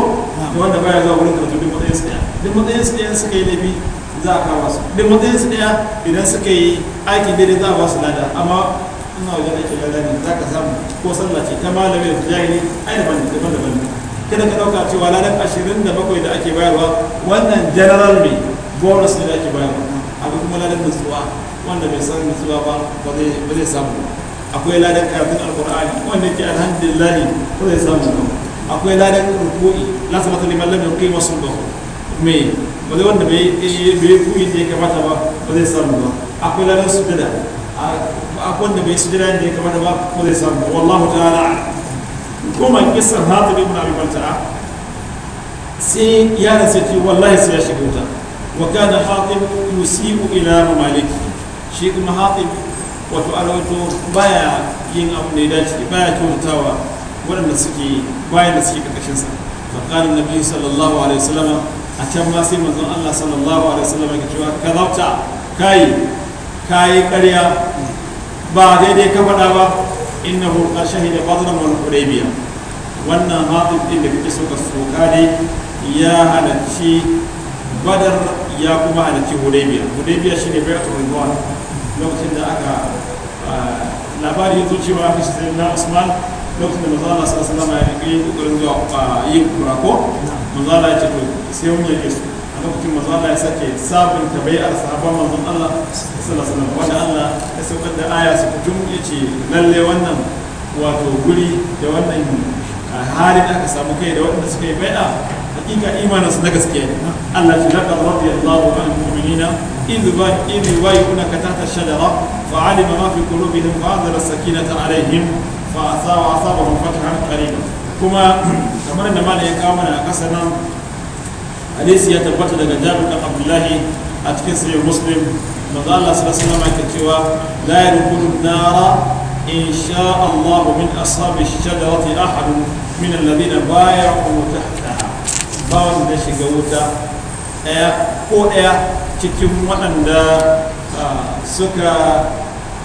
wanda baya zuwa wurin karatu duk matsayin tsaya duk matsayin tsaya suka yi laifi za a kawo su ɗin matsayin su ɗaya idan suka yi aikin daidai za a ba su lada amma ina wajen aiki lada ne za ka samu ko sallah ce ta malami da jahili ai daban daban daban kada ka dauka cewa ladan ashirin da bakwai da ake bayarwa wannan general ne bonus ne da ake bayarwa abu kuma ladan nutsuwa wanda bai san nutsuwa ba ba zai samu akwai ladan karatun alkur'ani wanda ke alhamdulillah ba zai samu ba akwai ladan ruku'i la sabata liman kai masu ba me wani wanda bai bai kuyi da ya kamata ba ba zai samu ba akwai ladan sujada akwai wanda bai sujada da ya kamata ba ba zai samu ba wallahu ta'ala koma kisan hatim ibn abi balta'a sai yaron sai ce wallahi sai ya shiga wuta wa kana hatim yusibu ila mamaliki shi kuma hatim wato alwato baya yin abu da ya dace baya kyautatawa waɗanda suke bayan da suke karkashin sa fa qala annabi sallallahu alaihi wasallam a can ma sai manzon Allah sallallahu alaihi wasallam ya cewa kazabta kai kai karya. ba daidai ka faɗa ba innahu qad shahida badran wal hudaybiya wannan hadith ɗin da kake so ka soka dai ya halarci badar ya kuma halarci hudaybiya hudaybiya shine bai'atul ridwan lokacin da aka ah, labari ya zo cewa hadisin na Usman lokacin da manzala sa ya yi kokarin zuwa yin kura ko manzala ya ce to sai wani ya su a lokacin manzala ya sake sabunta bai'ar sahabban manzon Allah sallallahu alaihi wasallam wanda Allah ya saukar da aya su kutum ya lalle wannan wato guri da wannan halin aka samu kai da waɗanda suka yi bai'a hakika imanin su na gaskiya ne Allah ya laqad radiyallahu anil mu'minina إذ إذ يبايعونك تحت الشجرة فعلم ما في قلوبهم فأنزل السكينة عليهم fa asawa asabahu fathan qariba kuma [clears throat] kamar da malai ya kama mana a kasa nan hadisi ya tabbata daga Jabir dan Abdullahi a cikin sahih Muslim manzo Allah sallallahu alaihi wasallam cewa la yarkunu nara إن شاء الله من أصحاب min أحد من baya بايعوا تحتها باون da shiga wuta ɗaya ko ɗaya cikin waɗanda ah, suka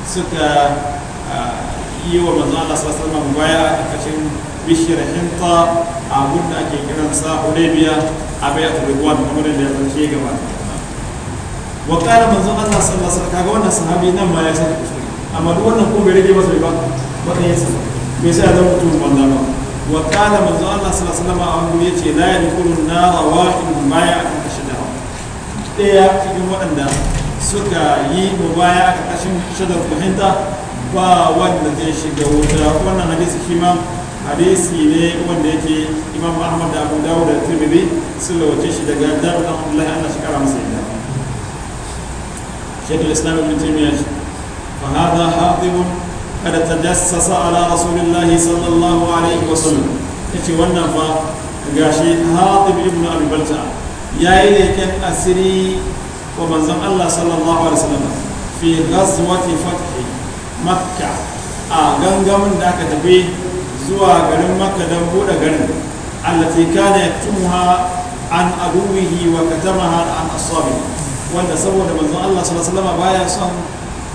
suka ah, yi wa manzo Allah sallallahu alaihi baya a kashin bishiyar hinta a abun da ake kiransa Hudaybiya a bai a Ridwan kamar da ya zance gaba wa qala manzo Allah sallallahu alaihi kaga wannan sahabi nan ma ya san amma duk wannan ko bai rage masa ba ba kan yasa bai sai da mutum banza ba wa qala manzo Allah sallallahu alaihi a wani yace la yadkhulun nara wahidun baya a kashin da daya cikin waɗanda suka yi mubaya a kashin shadar fahimta ba wanda zai shiga wuta wannan hadisi shi ma hadisi ne wanda yake imam ahmad da abu dawo da tirmidhi sun rawace shi daga jabir dan abdullahi Allah shi masa yadda shaykhul islam ibn taymiyyah fa hadha hadib kada tajassasa ala rasulillah sallallahu alaihi wa sallam yace wannan fa gashi hadib ibn abi balta yayi leken asiri wa manzon Allah sallallahu alaihi wa sallam fi ghazwati fathi makka a gangamin da aka tafi zuwa garin makka don bude garin allati kana yaktumuha an aduwihi wa katamaha an asabi wanda saboda manzon Allah sallallahu alaihi baya son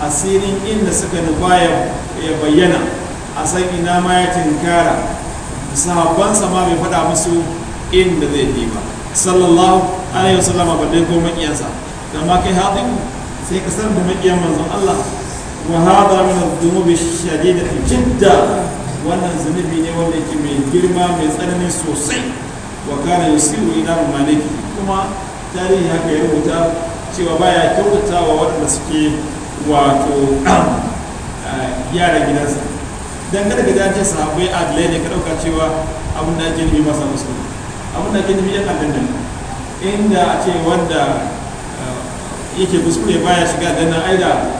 asirin inda suka nufa ya bayyana a san ina ma ya tinkara sahabbansa ma bai fada musu inda zai bi ba sallallahu alaihi wasallam ba dai goma iyansa da ma kai haɗin sai ka san da makiyan manzon Allah وهذا من الذنوب الشديدة جدا wannan zunubi ne wanda yake mai girma mai tsanani sosai إلى المالك كما تاريها كيروتا kuma tarihi haka ya rubuta cewa baya kyautatawa waɗanda suke wato yaran gidansa dangane da sahabbai adalai ne ka ɗauka cewa abin da ake nufi masa musu abin da ake nufi yan aljanna inda a ce wanda yake kuskure baya shiga dan aida.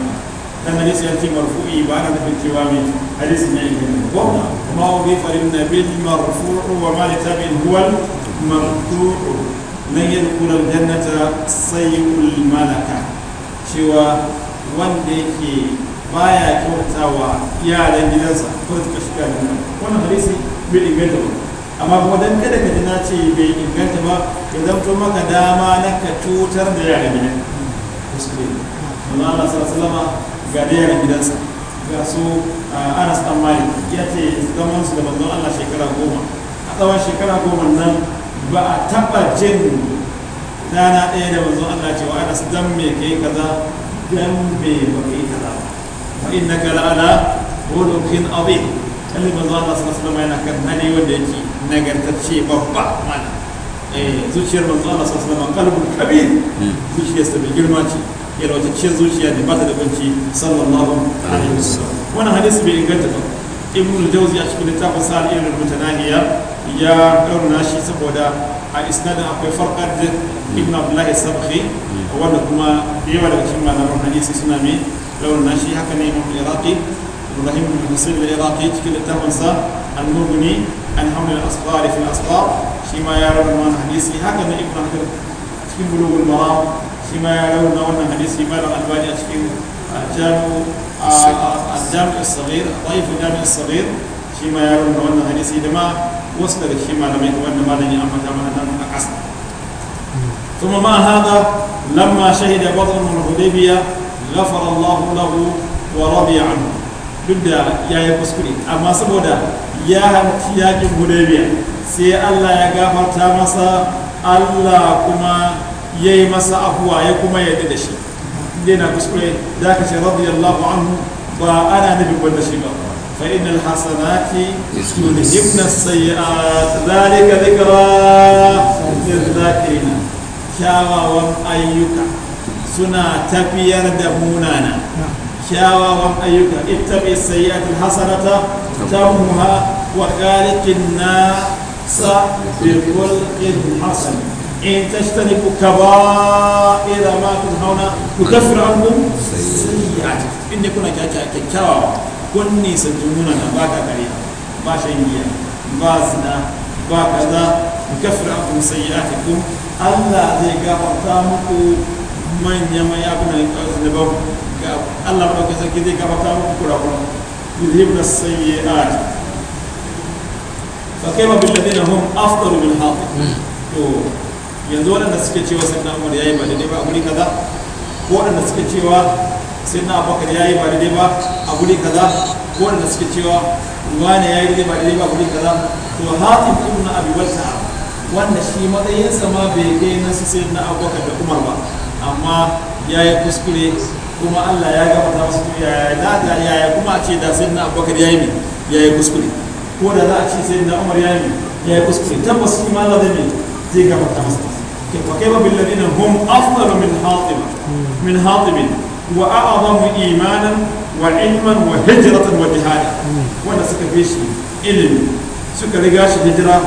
dan hadisi ya ce marfu'i ba ana nufin cewa mai hadisi ne inganta ko kuma wa bi farin nabil marfu'u wa ma litabin huwal marfu'u lan yadkhulu aljannata sayyul malaka cewa wanda yake baya kyautawa yaran gidansa ko suka shiga ko na hadisi bai inganta ba amma kuma dan kada ka ji na ce bai inganta ba ya zanto maka dama na ka cutar da yaran gidan kuskure Allah sallallahu alaihi ga da gidansa ga su anas dan ya ce zaman su da manzon allah shekara goma a tsawon shekara goma nan ba a taɓa jin dana ɗaya da manzon allah cewa anas dan me ka yi kaza dan me ba ka yi kaza ba in na kala ala hulukin abin kalli manzon allah sallallahu alaihi yana kan hali wanda yake nagartacce babba mana eh, zuciyar manzon allah sallallahu alaihi wasallam kalbul kabir hmm. zuciyarsa bai girma ce yalwatacciyar zuciya da ba ta da kunci sallallahu alaihi wasallam wannan hadisi bai inganta ba ibnu jawzi a cikin littafin sa al-ilm ya daura shi saboda a isnadin akwai farkar ibn abdullahi sabhi wanda kuma da yawa daga cikin malaman hadisi suna mai launa shi haka ne imam iraqi ibrahim bin hussein al-iraqi cikin littafin sa al-mughni an al-asfar fi al-asfar shi ma ya hadisi haka ne ibn hajar cikin bulugul maram shi ma ya rauna wannan hadisi da albani a cikin jami'ar sabir ɗaifin jami'ar sabir shi ma ya rauna wannan hadisi da ma wasu daga cikin malamai wanda malam ya ambata mana nan a ƙasa ثم ما هذا لما شهد بطن الحديبية غفر الله له ورضي عنه بدا يا Amma saboda ya يا يا حديبية سي الله يا غفر masa, Allah kuma. ya yi masa afuwa ya kuma ya da shi inda yana kuskure da aka ce radiyallahu anhu ba ana nufin wanda shi ba fa da hasanati yuzhibna sayyi'at dhalika dhikra lidh-dhakirin kyawawan ayyuka suna tafiyar da munana kyawawan ayyuka ita mai sayyatul hasanata ta muha wa qaliqin nasa bi khulqin hasan إن تجتنبوا كبائر ما تنهون يكفر عنكم سيئاتكم إن كنا كيكاوا كني سجنونا باكا كريم با شنجيا با زنا با كذا يكفر عنكم سيئاتكم الله زي غفرتا مكو من يما يابنا الذنوب الله ما كذا كذا غفرتا مكو كراكم يذهبنا السيئات فكيف بالذين هم أفضل من حاطب yanzu waɗanda suke cewa sai na umar ya yi ba daidai ba a guri kaza ko waɗanda suke cewa sai na abubakar ya yi ba daidai ba a guri kaza ko waɗanda suke cewa wane ya yi daidai ba daidai ba a guri kaza to hatim ibn abi walta wanda shi matsayinsa ma bai kai na su sai na abubakar da umar ba amma ya yi kuskure kuma allah ya gabata wasu yaya ya yaya kuma a ce da sai na abubakar ya yi ya yi kuskure ko da za a ce sai na umar ya yi ya yi kuskure tabbas shi ma na zai zai gabata masa وكيف بالذين هم أفضل من حاطب من حاطب وأعظم إيمانا وعلما وهجرة وجهادا وانا سكفيش علم سكرقاش هجرة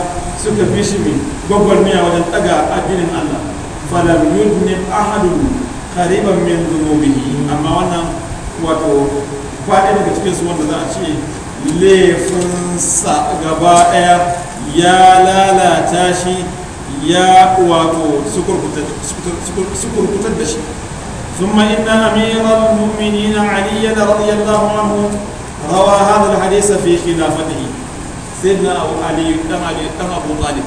سكفيش من قبل مياه وجن أقع الدين الله فلم يذنب أحد قريبا من ذنوبه أما وانا واتو faɗi daga cikinsu wanda za a ce laifinsa gaba ɗaya ya lalata shi ya wato sukurkutar da shi ثم إن أمير المؤمنين علي رضي الله عنه روى هذا الحديث في خلافته سيدنا أبو علي دم علي دم أبو طالب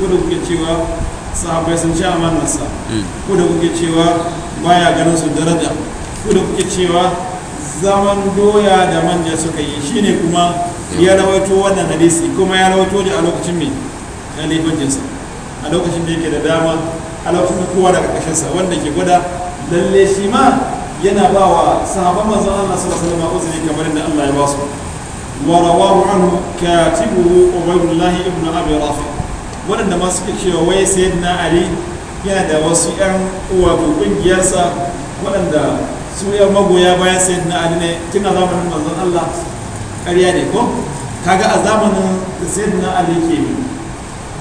وده kuke cewa sahabbai sun ci amanarsa hmm. ko da kuke cewa baya ganin su daraja ko da kuke cewa zaman doya da manja suka yi shine kuma ya rawaito wannan hadisi kuma ya rawaito da a lokacin mai kalifancinsa a lokacin da yake da dama a lokacin da kowa daga ƙashinsa wanda ke gwada lalle shi ma yana ba wa sahabban manzon Allah sallallahu alaihi wasallam uzuri kamar yadda Allah ya ba su wa rawahu anhu katibuhu Ubaydullah ibn Abi Rafi wanda ma suke cewa wai sayyidina Ali yana da wasu 'yan uwa ko kungiyarsa waɗanda su ya magoya bayan sayyidina Ali ne tun a zamanin manzon Allah ƙarya ne ko kaga a zamanin sayyidina Ali ke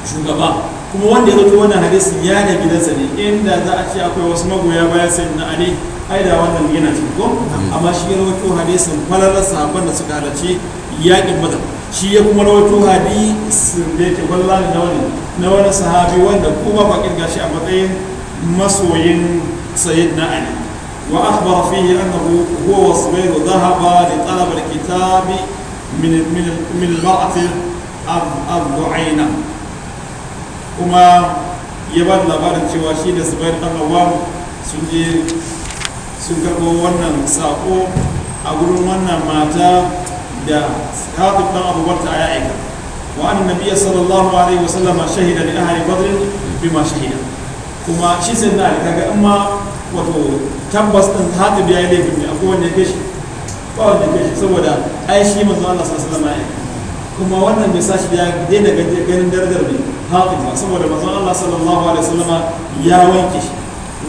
shugaba kuma wanda ya zato wannan hadisin ya da gidansa ne inda za a ce akwai wasu magoya bayan sai na ali ai da wannan yana cikin ko amma shi ya rawaito hadisin falalar sahabban da suka halarci yakin badar shi ya kuma rawaito hadisin da yake falalar na wani na wani sahabi wanda kuma ba gashi a matsayin masoyin sayyid na ali wa akhbara fihi annahu huwa wa zubair dhahaba li talab al-kitab min min min al-mar'ati al-du'ayna kuma ya ba da labarin cewa shi da zubair dan awam sun je sun karɓo wannan sako a gurin wannan mata da hatib dan abubuwar ta ya aika wa an nabiya sallallahu alaihi wa sallama shahida li ahli badr bima shahida kuma shi sai na kaga amma wato tabbas din hatib ya yi laifin ne akwai wanda ya kai shi ba wanda ya kai shi saboda ai shi manzo Allah sallallahu alaihi wa kuma wannan mai sa shi ya daina ganin darajar ne hatima saboda manzon Allah sallallahu alaihi wasallama ya wanke shi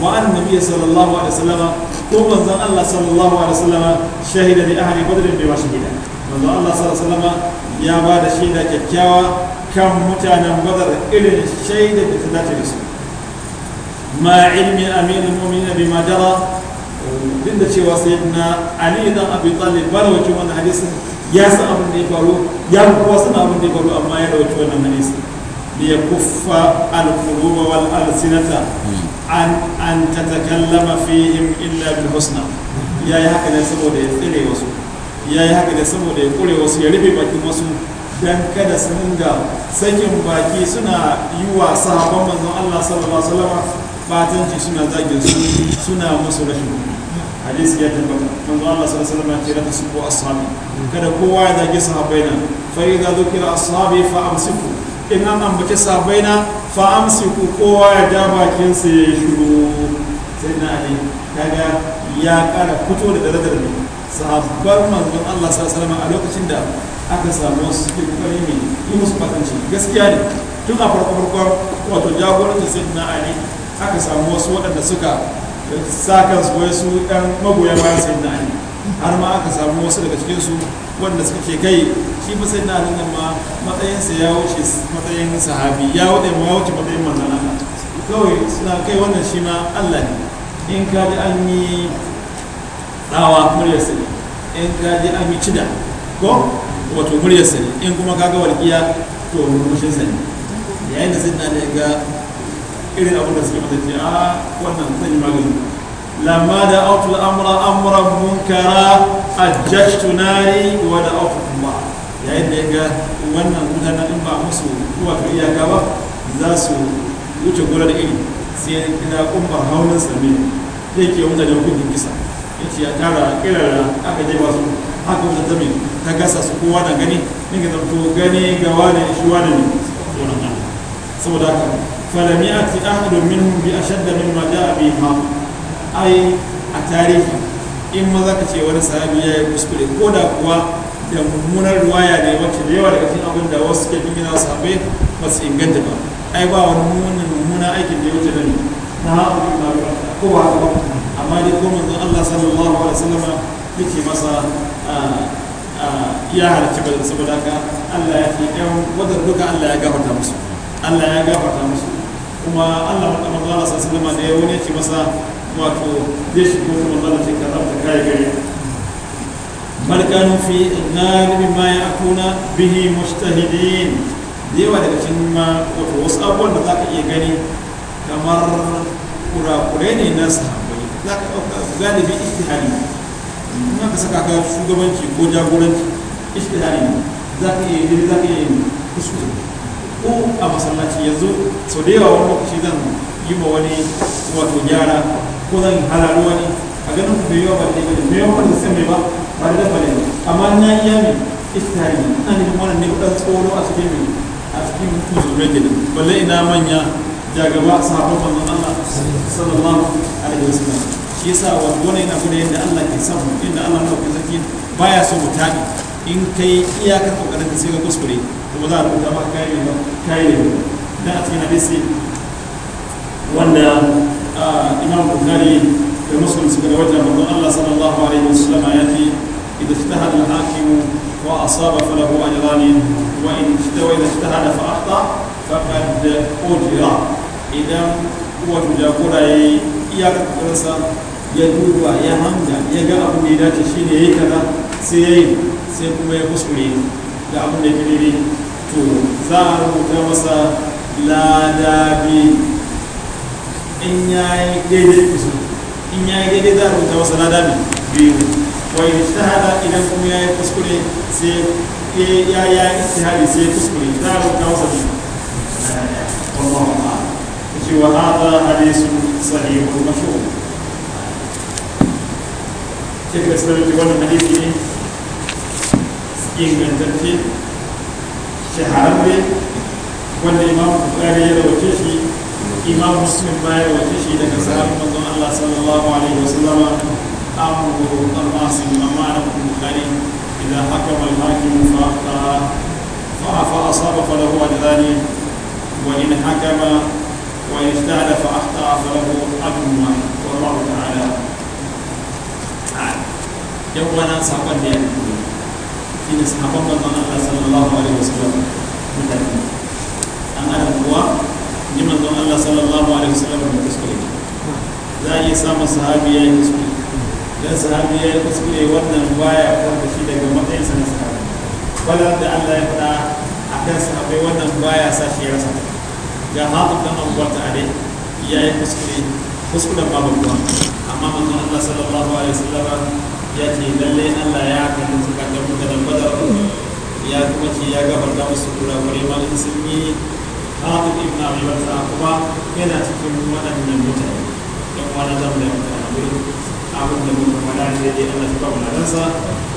wa annabi sallallahu alaihi wasallama ko manzon Allah sallallahu alaihi wasallama shahida li ahli badr bi washida manzon Allah sallallahu alaihi wasallama ya ba da shaida kyakkyawa kan mutanen badar irin shaida da ta dace su ma ilmi aminul mu'minin bima jara duk da cewa sai na ali dan abi talib ba wannan hadisin ya san abin da ya faru ya kuwa san abin da ya faru amma ya rawaci wannan hadisin ليكف القلوب والألسنة عن أن تتكلم فيهم إلا بالحسنى يا يا هكذا سبوده يثري وسو يا يا هكذا سبوده يقول وسو يربي باكي وسو dan kada su dinga sakin baki suna yiwa wa sahabban manzon Allah sallallahu alaihi wasallam fatanci suna zagin su suna musu rashin hadisi ya tabbata manzon Allah sallallahu alaihi wasallam ya tira su ko ashabi kada kowa ya zage sahabbai nan fa idza fa in an ambaci sabai na fa amsiku kowa ya ja bakinsa ya shiru sai na ali kaga ya kara fito da darajar ne sahabbar manzon Allah sallallahu a lokacin da aka samu wasu suke kokari ne yi musu bakanci gaskiya ne tun a farko farko wato sai na ali aka samu wasu waɗanda suka sa kansu wai su ɗan magoya bayan na ali har ma aka samu wasu daga cikinsu wanda suka ke kai shi ba sai na nan ma matsayinsa ya wuce matsayin sahabi ya wuce ma ya wuce matsayin manzana kawai suna kai wannan shi ma Allah ne in ka ji an yi tsawa muryar sa ne in ka ji an yi cida ko wato muryar sa ne in kuma ka ga walƙiya to murmushin sa ne yayin da sai na ga irin abin da suke mata ce a ah, wannan zan yi magani لما دعوت الأمر أمرا منكرا أججت ناري autul kuma. yayin da ya ga wannan mutanen in ba musu kuwa ta iyaka ba za su wuce gurar iri sai ya kira kumbar haunin sami da ke wanda da hukumin kisa ya ce ya tara kirara aka je su haka wata zami ta gasa su kowa na gani ne ga zamto gani gawa ne shi wani ne saboda haka ya bi min ma bi ma ai a tarihi in maza ka ce wani sahabi ya yi kuskure ko da kuwa da mummunar ruwaya ne wacce da yawa daga cikin abin da wasu ke dingina su haɓe ba su inganta ba ai ba wani mummunan mummunan aikin da ya wuce nan na haɗu ba ko ba haka ba amma dai ko manzon Allah sallallahu alaihi wasallam yake masa ya halarci ba saboda haka Allah ya fi ɗan wadda duka Allah ya gafarta musu Allah ya gafarta musu kuma Allah wata manzon Allah sallallahu alaihi wasallam da ya wani yake masa wato zai shigo kuma zan ce karanta rabta kai gari bal kanu fi nar bima yakuna bihi mujtahidin yawa daga cikin ma wato wasu abubuwan da zaka iya gani kamar kurakurai ne na sahabbai zaka dauka galibi ijtihadi in ka saka ka shugabanci ko jagoranci ijtihadi zaka iya yi zaka iya yi kuskure ko a masallaci yanzu sau da yawa wani lokaci zan yi ma wani wato gyara ko zan halaru wani a ganin ku bai wa ba da mai yawa da sai mai ba ba da dafa ne amma na iya ne istari ne ne tsoro a cikin mai a cikin balle ina manya jagaba sahabban manzon Allah sallallahu alaihi wasallam shi yasa wannan yana gudu yadda Allah ke son mu inda Allah na ɗauki zaki baya so mu tabi in kai iyakar kokarin ka sai ka kuskure kuma za a rubuta maka kai ne kai da a cikin hadisi wanda ah, imam في مسلم سبن وجه من الله صلى الله عليه وسلم يأتي إذا اجتهد الحاكم وأصاب فله أجران وإن اجتهد اجتهد فأخطأ فقد أجر إذا هو تجاكولا يدور يا همزه يا أبو إلى تشين هكذا إيه سيئين سيكم يقصرين لأبو نبيلي تو زارو تمسا لا دابي إن يأي إيه؟ ديدي إيه؟ إن يجد دار وتوصل دامي بيه وإن اجتهد إليكم يا يتسكري سي يا يا اجتهاد سي تسكري دار وتوصل والله أعلم شو هذا حديث صحيح ومشهور كيف يسمى تقول الحديث إيه؟ سكين إيه من تنفيذ شهر أمري والإمام البخاري يدعو الشيخ إمام مسلم ما يوتشي لك سلام الله الله صلى الله عليه وسلم أمره الماسي ما معرف البخاري إذا حكم الحاكم فأخطأ فعفى أصاب فله أجران وإن حكم وإن اجتهد فأخطأ فله أجر والله تعالى يوم أنا صعب الدين في نسحب الله صلى الله عليه وسلم أنا أنا ji manzon Allah sallallahu alaihi wasallam da kuskure za a iya samun sahabi ya yi kuskure dan sahabi ya yi kuskure wannan baya karba shi daga na sahabi da Allah ya faɗa a kan sahabai wannan baya sa shi rasa ga haɗin dan ya yi kuskure kuskuren babu kuwa amma manzon Allah sallallahu alaihi wasallam ya ce lallai Allah ya kalli zukatan mutanen badar ya kuma ce ya musu in sun yi khatib ibn abi bakr kuma yana cikin waɗannan mutane yan wani zamu da mutane abin da muka fada ne dai Allah ya kawo ladansa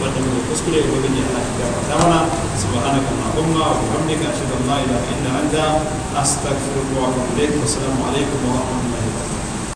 wanda muka kuskure ko bin Allah ya gafarta mana subhanaka allahumma wa bihamdika ashhadu an la ilaha illa anta astaghfiruka wa atubu ilaik assalamu alaikum wa rahmatullahi